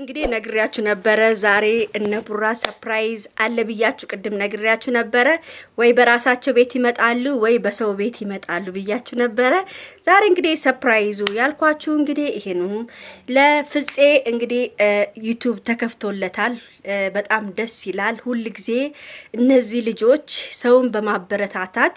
እንግዲህ ነግሬያችሁ ነበረ። ዛሬ እነ ቡራ ሰፕራይዝ አለ ብያችሁ ቅድም ነግሬያችሁ ነበረ። ወይ በራሳቸው ቤት ይመጣሉ ወይ በሰው ቤት ይመጣሉ ብያችሁ ነበረ። ዛሬ እንግዲህ ሰፕራይዙ ያልኳችሁ እንግዲህ ይሄኑ ለፍፄ እንግዲህ ዩቱብ ተከፍቶለታል። በጣም ደስ ይላል። ሁል ጊዜ እነዚህ ልጆች ሰውን በማበረታታት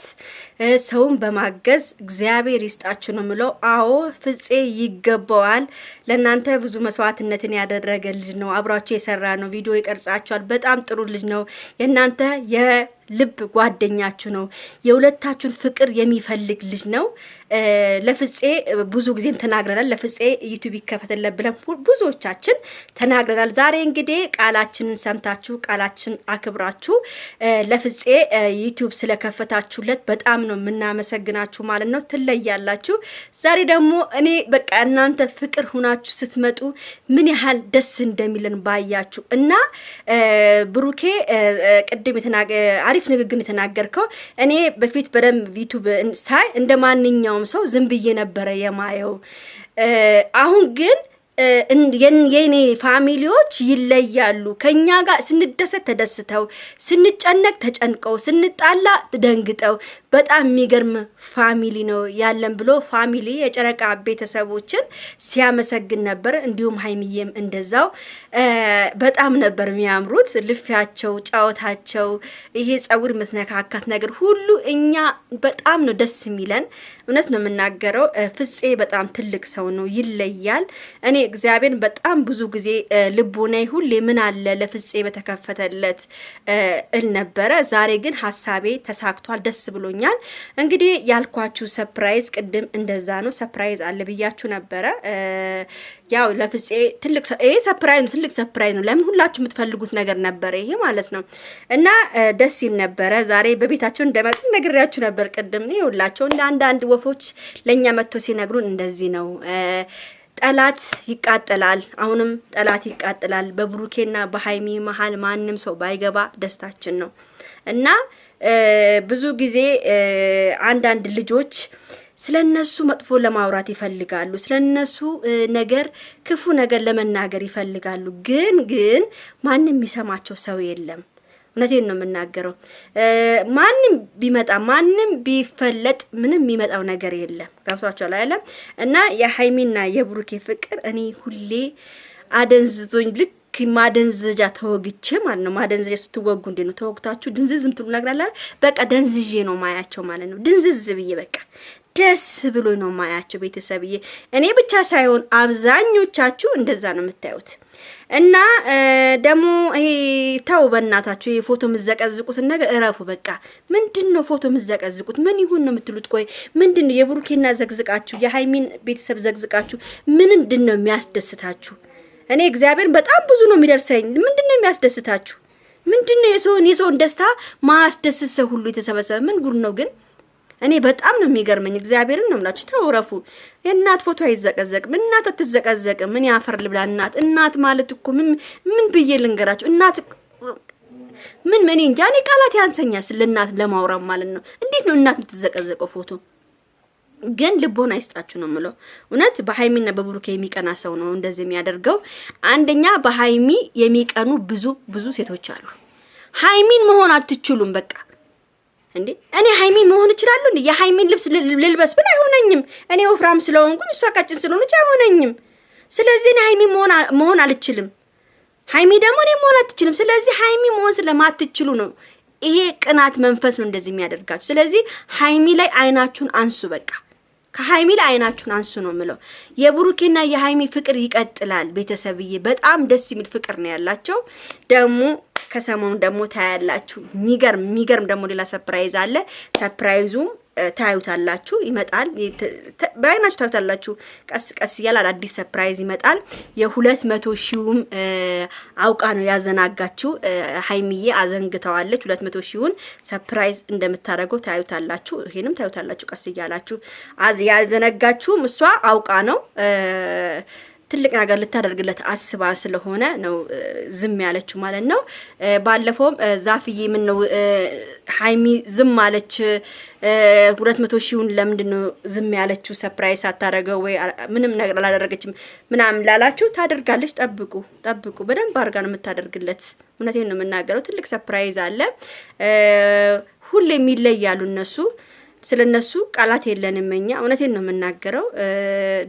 ሰውን በማገዝ እግዚአብሔር ይስጣችሁ ነው የምለው። አዎ ፍፄ ይገባዋል። ለእናንተ ብዙ መስዋዕትነትን ያ ያደረገ ልጅ ነው። አብሯቸው የሰራ ነው። ቪዲዮ ይቀርጻቸዋል። በጣም ጥሩ ልጅ ነው። የእናንተ ልብ ጓደኛችሁ ነው። የሁለታችሁን ፍቅር የሚፈልግ ልጅ ነው። ለፍፄ ብዙ ጊዜም ተናግረናል። ለፍፄ ዩቱብ ይከፈትለት ብለን ብዙዎቻችን ተናግረናል። ዛሬ እንግዲህ ቃላችንን ሰምታችሁ ቃላችን አክብራችሁ ለፍፄ ዩቱብ ስለከፈታችሁለት በጣም ነው የምናመሰግናችሁ ማለት ነው። ትለያላችሁ። ዛሬ ደግሞ እኔ በቃ እናንተ ፍቅር ሁናችሁ ስትመጡ ምን ያህል ደስ እንደሚለን ባያችሁ እና ብሩኬ ቅድም የተናገ አሪፍ ንግግር የተናገርከው። እኔ በፊት በደንብ ዩቱብ ሳይ እንደ ማንኛውም ሰው ዝም ብዬ ነበረ የማየው። አሁን ግን የኔ ፋሚሊዎች ይለያሉ። ከኛ ጋር ስንደሰት ተደስተው፣ ስንጨነቅ ተጨንቀው፣ ስንጣላ ደንግጠው በጣም የሚገርም ፋሚሊ ነው ያለን ብሎ ፋሚሊ የጨረቃ ቤተሰቦችን ሲያመሰግን ነበር። እንዲሁም ሀይሚዬም እንደዛው በጣም ነበር የሚያምሩት ልፊያቸው፣ ጫወታቸው፣ ይሄ ጸጉር የምትነካካት ነገር ሁሉ እኛ በጣም ነው ደስ የሚለን። እውነት ነው የምናገረው። ፍፄ በጣም ትልቅ ሰው ነው፣ ይለያል። እኔ እግዚአብሔር በጣም ብዙ ጊዜ ልቦና ሁሌ ምን አለ ለፍጼ በተከፈተለት እል ነበረ። ዛሬ ግን ሀሳቤ ተሳክቷል፣ ደስ ብሎኛል። እንግዲህ ያልኳችሁ ሰፕራይዝ ቅድም እንደዛ ነው። ሰፕራይዝ አለ ብያችሁ ነበረ። ያው ለፍጼ ትልቅ ይሄ ሰፕራይዝ ነው፣ ትልቅ ሰፕራይዝ ነው። ለምን ሁላችሁ የምትፈልጉት ነገር ነበረ ይሄ ማለት ነው። እና ደስ ይል ነበረ። ዛሬ በቤታቸው እንደመጡ ነግሬያችሁ ነበር። ቅድም ሁላቸው እንደ አንዳንድ ወፎች ለእኛ መጥቶ ሲነግሩን እንደዚህ ነው ጠላት ይቃጠላል። አሁንም ጠላት ይቃጠላል። በብሩኬና በሀይሚ መሀል ማንም ሰው ባይገባ ደስታችን ነው እና ብዙ ጊዜ አንዳንድ ልጆች ስለነሱ መጥፎ ለማውራት ይፈልጋሉ። ስለነሱ ነገር ክፉ ነገር ለመናገር ይፈልጋሉ። ግን ግን ማንም የሚሰማቸው ሰው የለም። እውነቴን ነው የምናገረው። ማንም ቢመጣ ማንም ቢፈለጥ ምንም የሚመጣው ነገር የለም። ላይ አይደለም? እና የሀይሚና የብሩኬ ፍቅር እኔ ሁሌ አደንዝዞኝ ልክ ማደንዝዣ ተወግቼ ማለት ነው። ማደንዝዣ ስትወጉ እንዴ ነው ተወግታችሁ ድንዝዝ ምትሉ ነገር በቃ ደንዝዤ ነው ማያቸው ማለት ነው። ድንዝዝ ብዬ በቃ ደስ ብሎ ነው ማያቸው ቤተሰብዬ። እኔ ብቻ ሳይሆን አብዛኞቻችሁ እንደዛ ነው የምታዩት። እና ደግሞ ይሄ ተው በእናታችሁ ይሄ ፎቶ የምዘቀዝቁትን ነገር እረፉ። በቃ ምንድን ነው ፎቶ የምዘቀዝቁት? ምን ይሁን ነው የምትሉት? ቆይ ምንድን ነው የብሩኬና ዘግዝቃችሁ የሀይሚን ቤተሰብ ዘግዝቃችሁ ምንድን ነው የሚያስደስታችሁ? እኔ እግዚአብሔር በጣም ብዙ ነው የሚደርሰኝ። ምንድን ነው የሚያስደስታችሁ? ምንድን ነው የሰውን የሰውን ደስታ ማያስደስት ሰው ሁሉ የተሰበሰበ ምን ጉድ ነው ግን? እኔ በጣም ነው የሚገርመኝ። እግዚአብሔርን ነው የምላችሁ። ተውረፉ። የእናት ፎቶ አይዘቀዘቅም። እናት አትዘቀዘቅም። ምን ያፈር ልብላ እናት እናት ማለት እኮ ምን ምን ብዬ ልንገራችሁ? እናት ምን እኔ እንጃ፣ እኔ ቃላት ያንሰኛ ስለ እናት ለማውራት ማለት ነው። እንዴት ነው እናት የምትዘቀዘቀው ፎቶ ግን ልቦን አይስጣችሁ ነው የምለው። እውነት በሀይሚና በብሩኬ የሚቀና ሰው ነው እንደዚህ የሚያደርገው። አንደኛ በሀይሚ የሚቀኑ ብዙ ብዙ ሴቶች አሉ። ሀይሚን መሆን አትችሉም። በቃ እንዴ እኔ ሀይሚን መሆን እችላለሁ የሀይሚን ልብስ ልልበስ ብን አይሆነኝም። እኔ ወፍራም ስለሆንኩኝ እሷ ቀጭን ስለሆነች አይሆነኝም። ስለዚህ እኔ ሀይሚ መሆን አልችልም። ሀይሚ ደግሞ እኔ መሆን አትችልም። ስለዚህ ሀይሚ መሆን ስለማትችሉ ነው ይሄ ቅናት መንፈስ ነው እንደዚህ የሚያደርጋችሁ። ስለዚህ ሀይሚ ላይ አይናችሁን አንሱ በቃ ከሀይሚ ላይ አይናችሁን አንሱ ነው ምለው። የብሩኬና የሀይሚ ፍቅር ይቀጥላል። ቤተሰብዬ በጣም ደስ የሚል ፍቅር ነው ያላቸው። ደግሞ ከሰሞኑ ደግሞ ታያላችሁ። ሚገርም ሚገርም ደግሞ ሌላ ሰፕራይዝ አለ። ሰፕራይዙም ታዩታላችሁ። ይመጣል፣ በአይናችሁ ታዩታላችሁ። ቀስ ቀስ እያለ አዳዲስ ሰፕራይዝ ይመጣል። የሁለት መቶ ሺውም አውቃ ነው ያዘናጋችው ሀይሚዬ አዘንግተዋለች። ሁለት መቶ ሺውን ሰፕራይዝ እንደምታደርገው ታዩታላችሁ። ይሄንም ታዩታላችሁ። ቀስ እያላችሁ ያዘነጋችሁም እሷ አውቃ ነው ትልቅ ነገር ልታደርግለት አስባ ስለሆነ ነው ዝም ያለችው ማለት ነው። ባለፈውም ዛፍዬ ምን ነው ሀይሚ ዝም አለች፣ ሁለት መቶ ሺውን ለምንድን ነው ዝም ያለችው? ሰፕራይዝ አታደረገው ወይ ምንም ነገር አላደረገችም ምናምን ላላችሁ ታደርጋለች። ጠብቁ ጠብቁ፣ በደንብ አድርጋ ነው የምታደርግለት። እውነቴን ነው የምናገረው። ትልቅ ሰፕራይዝ አለ። ሁሌም ይለያሉ እነሱ ስለነሱ ቃላት የለንም እኛ። እውነቴን ነው የምናገረው።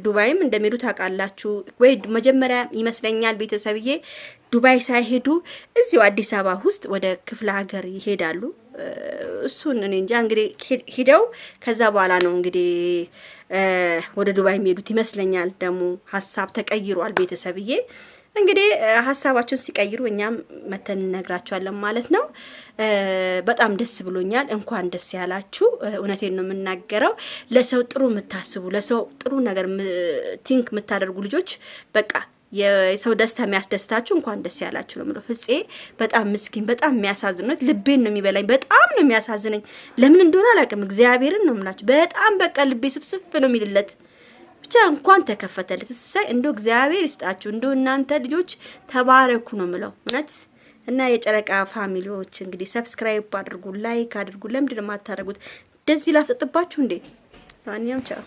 ዱባይም እንደሚሄዱ ታውቃላችሁ ወይ? መጀመሪያ ይመስለኛል ቤተሰብዬ ዱባይ ሳይሄዱ እዚው አዲስ አበባ ውስጥ ወደ ክፍለ ሀገር ይሄዳሉ። እሱን እኔ እንጃ እንግዲህ ሂደው ከዛ በኋላ ነው እንግዲህ ወደ ዱባይ የሚሄዱት ይመስለኛል። ደግሞ ሀሳብ ተቀይሯል ቤተሰብዬ እንግዲህ ሀሳባችሁን ሲቀይሩ እኛም መተን እነግራችኋለን ማለት ነው። በጣም ደስ ብሎኛል። እንኳን ደስ ያላችሁ። እውነቴን ነው የምናገረው። ለሰው ጥሩ የምታስቡ ለሰው ጥሩ ነገር ቲንክ የምታደርጉ ልጆች በቃ የሰው ደስታ የሚያስደስታችሁ እንኳን ደስ ያላችሁ ነው የምለው። ፍፄ በጣም ምስኪን፣ በጣም የሚያሳዝኑት ልቤን ነው የሚበላኝ። በጣም ነው የሚያሳዝነኝ። ለምን እንደሆነ አላውቅም። እግዚአብሔርን ነው ምላችሁ። በጣም በቃ ልቤ ስፍስፍ ነው የሚልለት ብቻ እንኳን ተከፈተለት። እሳይ እንዶ እግዚአብሔር ይስጣችሁ፣ እንዶ እናንተ ልጆች ተባረኩ ነው ምለው እውነት እና የጨረቃ ፋሚሊዎች እንግዲህ ሰብስክራይብ አድርጉ፣ ላይክ አድርጉ። ለምንድን ነው የማታደርጉት? እንደዚህ ላፍጠጥባችሁ እንዴ? ማንኛውም ቻው።